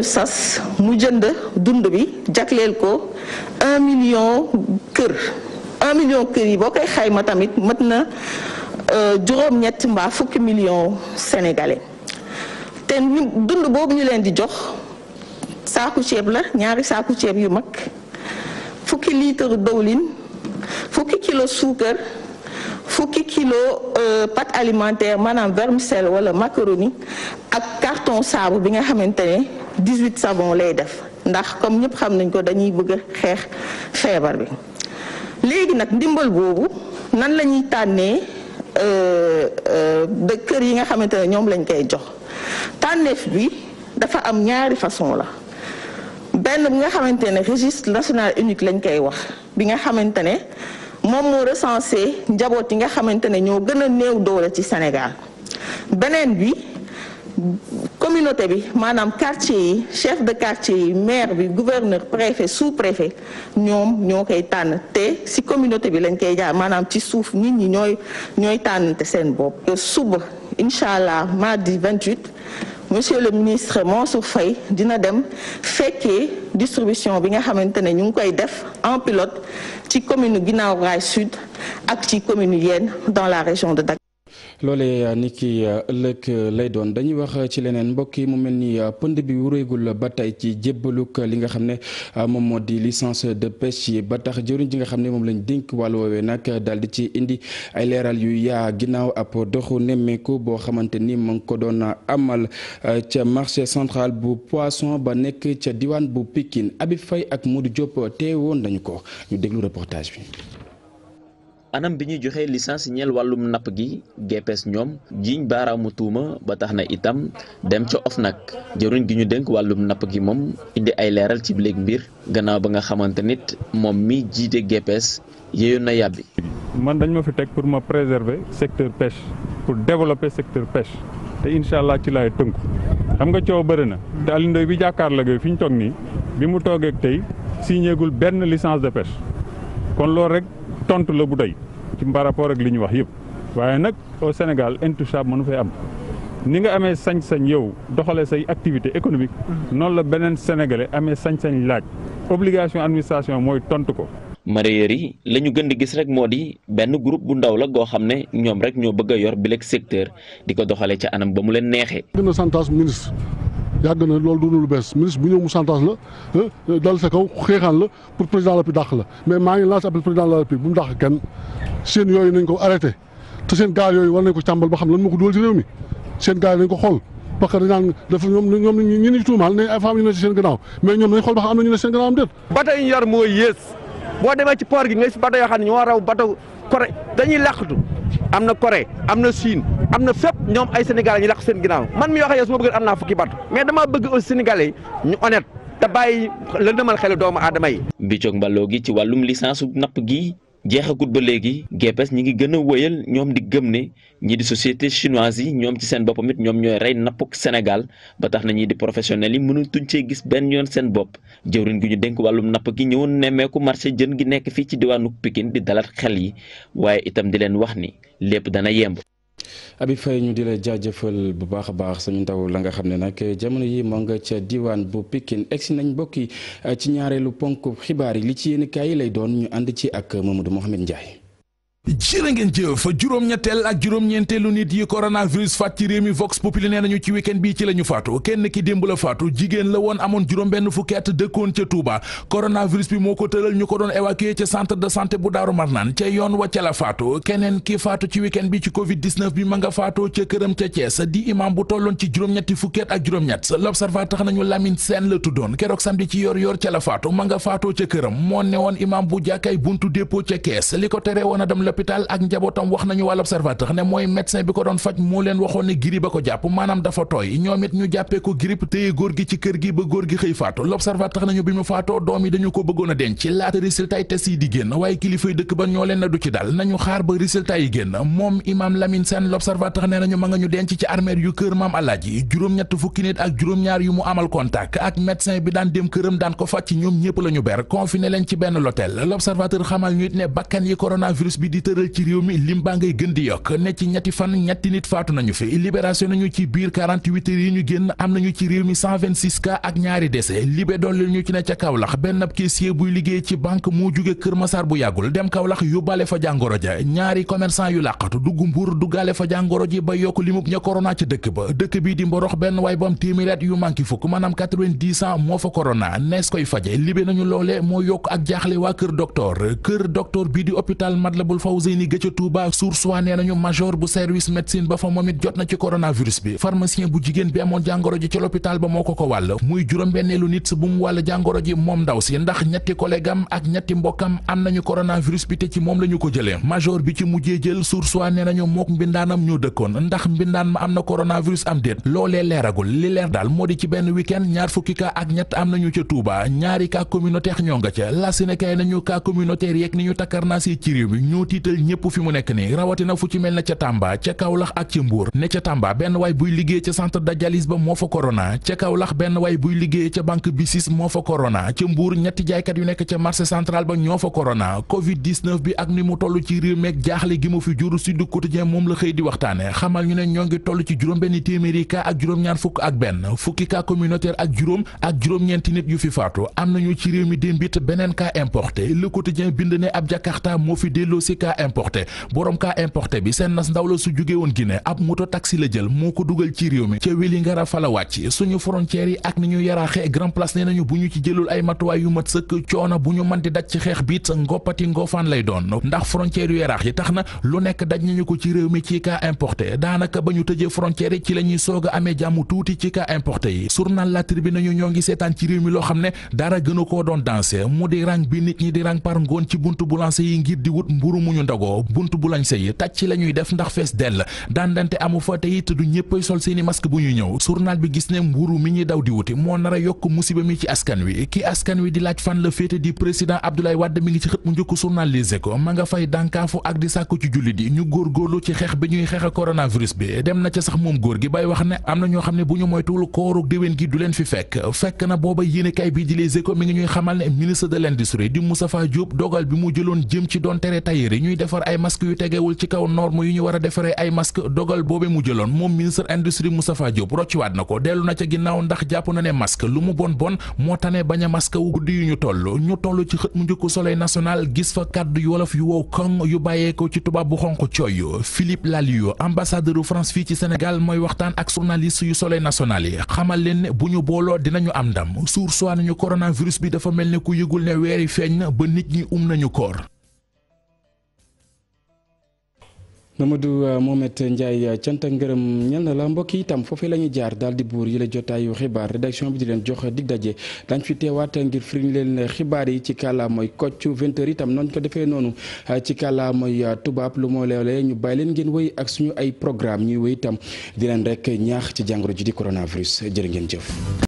sas mu jënd dund bi jagleel ko un million kër yi boo koy xayma tamit mat na euh, juróom-ñett mbaa fukki million sénégalais te ñu dund boobu ñu leen di jox saaku ceeb la ñaari saaku ceeb yu mag fukki litre dëwlin fukki kilo suukar fukki kilo euh, pâte alimentaire maanaam vermicelle wala macaroni ak carton saabu bi nga xamante ne 18 savon lay def ndax comme ñëpp xam nañ ko dañuy bëgg xeex feebar bi léegi nag ndimbal boobu nan la ñuy tànnee de euh, euh, kër yi nga xamante ne ñoom lañ koy jox tànneef bi dafa am ñaari façon la benn bi nga xamante ne registre national unique lañ koy wax bi nga xamante ne moom moo recensé njaboot yi nga xamante ne ñoo gën a néew doole ci Sénégal beneen bi communauté bi maanaam quartier yi chef de quartier yi maire bi gouverneur préfet sous préfet ñoom ñoo koy tànn te ci communauté bi lañ koy jaar maanaam ci suuf nit ñi ñooy ñooy tànnante seen bopp. suba incha allah mardi 28. monsieur le ministre Mansour Faye dina dem fekkee distribution bi nga xamante ne ñu ngi koy def en pilote ci commune Guinaw Rail Sud ak ci commune yenn dans la région de Dakar loole euh, nit ki euh, ëllëg euh, lay doon dañuy wax ci leneen mbokk yi mu mel ni pënd bi wuréegul ba tey ci jébbaluk li nga xam ne moom moo di licence de pêche yi ba tax jëriñ ji nga xam ne moom lañ dénk wàllu woowee nag daal di ci indi ay leeral yu yaa ginnaaw ab doxu nemmeeku boo xamante ni mu ngi ko doon amal ca marché centrale bu poisson ba nekk ca diwaan bu pikin Abi fay ak Modou Diop woon nañu ko ñu déglu reportage bi. anam bi ñuy joxee licence ñeel wàllum napp gi GPS ñoom jiiñ baaraamu tuuma ba tax na itam dem ca nag jëruñ gi ñu dénk wàllum napp gi moom indi ay leeral ci bileeg mbir gannaaw ba nga xamante nit moom mi jiite GPS yéeyoon na yàbbi. man dañ ma fi teg pour ma préserver secteur pêche pour développer secteur pêche te incha allah ci laay tënku xam nga coow bëri na te Alioune Ndoye bi jàkkaarloo fi ñu toog nii bi mu toogee tey signéegul benn licence de pêche tontu la bu doy ci par rapport ak li ñu wax yëpp waaye nag au Sénégal intouchable mënu fay am ni nga amee sañ-sañ yow doxalee say activité économique mm-hmm. noonu la beneen sénégalais amee sañ-sañ laaj obligation administration mooy tontu ko. mareyeur yi la ñu gën di gis rek moo di benn groupe bu ndaw la goo xam ne ñoom rek ñoo bëgg a yor bileeg secteur di ko doxalee ca anam ba mu leen neexee. yàgg na loolu du lu bees ministre bu ñëw mu chantage la dal sa kaw xeexaan la pour président la pi dàq la mais maa ngi lancé appel président la République bu mu dàq kenn seen yooyu nañ ko arrêté te seen gaal yooyu war nañ ko càmbal ba xam lan moo ko dugal ci réew mi seen gaal nañ ko xool parce que dañ naan dafa ñoom ñoom ñi tuumaal ne ay femmes ñu ne ci seen gannaaw mais ñoom nañ xool ba xam am ñu ne seen gannaaw am déet bateau yi ñu yor mooy yées boo Corée dañuy làqatu am na kore am na Chine am na fépp ñoom ay sénégalais ñu làq seen ginnaaw man mi wax yow su ma bëggoon am naa fukki bat mais damaa bëgg aussi sénégalais ñu honnête te bàyyi lëndëmal xelu doomu aadama yi. bi cog mbaloo gi ci wàllum licence napp gi. jeexagut ba léegi GPS ñi ngi gën a wëyal ñoom di gëm ne ñii di société chinoise yi ñoom ci seen boppam it ñoom ñooy rey nappuk Sénégal ba tax na ñii di professionnels yi mënatuñ cee gis benn yoon seen bopp jëwriñ gi ñu dénk wàllum napp gi ñëwoon nemmeeku marché jën gi nekk fii ci diwaanu pikin di dalal xel yi waaye itam di leen wax ni lépp dana yemb abi Faye ñu di la jaajëfal bu baax a baax suñu ndaw la nga xam ne nag jamono yi moo nga ca diwaan bu Pikine egsi nañ mbokk yi ci ñaareelu ponk xibaar yi li ci yéen kaay yi lay doon ñu ànd ci ak Mamadou Mohamed Ndiaye. jërë ngeen jëf juróom-ñetteel ak juróom-ñeenteelu nit yi coronavirus faat ci réew mi vox populi nee nañu ci week-end ci la ñu faatu kenn ki démb la faatu jigéen la woon amoon juróom-benn fukki at dëkkoon ca Touba coronavirus bi moo ko tëral ñu ko doon évacuer ca centre de santé bu Daaru Marnaan ca yoon wa ca la faatu keneen ki faatu ci week-end bi ci Covid 19 bi ma nga faatoo ca këram ca Thiès di imam bu tolloon ci juróom-ñetti fukki at ak juróom-ñett l'observateur nañu Lamine Sène la tuddoon keroog samedi ci yor yor ca la faatu nga faatoo ca këram moo ne woon imam bu jàkkaay buntu dépôt ca Thiès li ko tere woon l'hôpital ak njabootam wax nañu wàll observateur ne mooy médecin bi ko doon faj moo leen waxoon ne grippe ba ko jàpp maanaam dafa tooy ñoom it ñu jàppee ko grippe téye góor gi ci kër gi ba góor gi xëy faatu l'observateur nañu bi mu faatoo doom yi dañu ko bëggoon denc laata résultat test yi di génn waaye kilifay dëkk ba ñoo leen na du ci dal nañu xaar ba résultat génn moom imam Lamine Sène l'observateur ne nañu ma nga ñu denc ci armeer yu kër maam tëral ci réew mi lim baa ngay gën di yokk ne ci ñetti fan ñetti nit faatu nañu fi libération nañu ci biir 48 heures yi ñu génn am nañu ci réew mi 126 cas ak ñaari décès libé doon li ñu ci ne ca Kaolack benn ab caissier buy liggéey ci banque moo jóge Kër Masaar bu yàggul dem Kaolack bale fa jàngoro ja ñaari commerçant yu làqatu dugg Mbuur duggaale fa jàngoro ji ba yokk limub ña corona ci dëkk ba dëkk bii di mborox benn waay ba am téeméer yu manki fukk maanaam 90 ans moo fa corona nees koy faje libé loole moo yokk ak jaaxle waa kër docteur kër docteur bii di hôpital Matlaboul Fawzeyni Gëcë Touba Source Wa nee nañu major bu service médecine ba fa moom it jot na ci coronavirus bi pharmacien bu jigéen bi amoon jàngoro ji ci l'hôpital ba moo ko ko wàll muy juróom-benneelu nit bu mu wàll jàngoro ji moom ndaw si ndax ñetti collègue am ak ñetti mbokkam am nañu coronavirus bi te ci moom la ñu ko jëlee major bi ci mujjee jël Source Wa nee nañu mook mbindaanam ñoo dëkkoon ndax mbindaan ma am na coronavirus am déet loolee leeragul li leer daal moo di ci benn week-end ñaar fukki cas ak ñett am nañu ca Touba ñaari cas communautaire ñoo nga ca la Sénégal ñu takkarnaasee tiital ñëpp fi mu nekk nii rawatina fu ci mel na ca Tamba ca ñetti jaaykat yu nekk ca marché central ba ñoo fa corona covid 19 bi ak ni mu toll ci réew meeg jaaxle gi mu fi juru si du moom la xëy di waxtaane xamal ñu ne ñoo ngi toll ci juróom benn téeméeri cas ak juróom-ñaar fukk ak benn fukki cas communautaire ak juróom ak juróom-ñeenti nit yu fi faatu am nañu ci réew mi démbit beneen cas importé le quotidien bind ne ab Jakarta moo fi delloo si cas importé borom cas importé bi seen nas ndaw la su jóge woon Guinée ab moto taxi la jël moo ko dugal ci réew mi ca Vélingara fa la wàcc suñu frontières yi ak ni ñu yaraaxe Grand Place nee nañu bu ñu ci jëlul ay matuwaay yu mat sëkk coono bu ñu mën di daj ci xeex biit ngoppati ngoofaan lay doon ndax frontières yu yaraax yi tax na lu nekk daj nañu ko ci réew mi ci cas importé daanaka ba ñu tëjee frontières yi ci la ñuy soog a amee jàmm tuuti ci cas importé ñu bunt bu lañ sëy tàcc la def ndax fees dell daandante amu fa te it du ñëppay sol seeni masque bu ñuy ñëw journal bi gis ne mburu mi ñuy daw di wuti moo nar yokk musiba mi ci askan wi ki askan wi di laaj fan la féete di président Abdoulaye Wade mi ngi ci xët mu njëkk journal Les Échos ma nga fay dànkaafu ak di sàkku ci jullit yi ñu góorgóorlu ci xeex bi ñuy xeex coronavirus bi dem na ca sax moom góor gi bay wax ne am na ñoo xam ne bu ñuy defar ay masque yu tegewul ci kaw norme yu ñu war a defaree ay masque dogal boobe mu jëloon moom ministre industrie Moustapha Diop rocciwaat na ko dellu na ca ginnaaw ndax jàpp na ne masque lu mu bon bon moo tane ne a masque wu guddi yu ñu toll ñu toll ci xët mu njëkku soleil national gis fa kàddu yu wolof yu wow koŋ yu bàyyeekoo ci tubaab bu xonq cooy Philippe Laliou ambassadeur France fii ci Sénégal mooy waxtaan ak journaliste yu soleil national yi xamal leen ne bu ñu booloo dinañu am ndam suur soi nañu coronavirus bi dafa mel ne ku yëgul ne weer yi na ba nit ñi um nañu koor Mamadou euh, du Ndiaye euh, cant ak ngërëm ñel na la mbokk itam foofee la ñuy jaar daal di buur yi la jotaayu xibaar rédaction bi di leen jox di daje dañ fi teewaat ngir firiñ leen xibaar yi ci kàllaa mooy kocc 20h itam noonu ko defee noonu euh, ci kàllaa mooy tubaab lu moo leelee ñu bàyyi leen ngeen wéy ak suñu ay programme ñuy wéy itam di leen rek ñaax ci jàngoro ji di coronavirus jël ngeen jëf.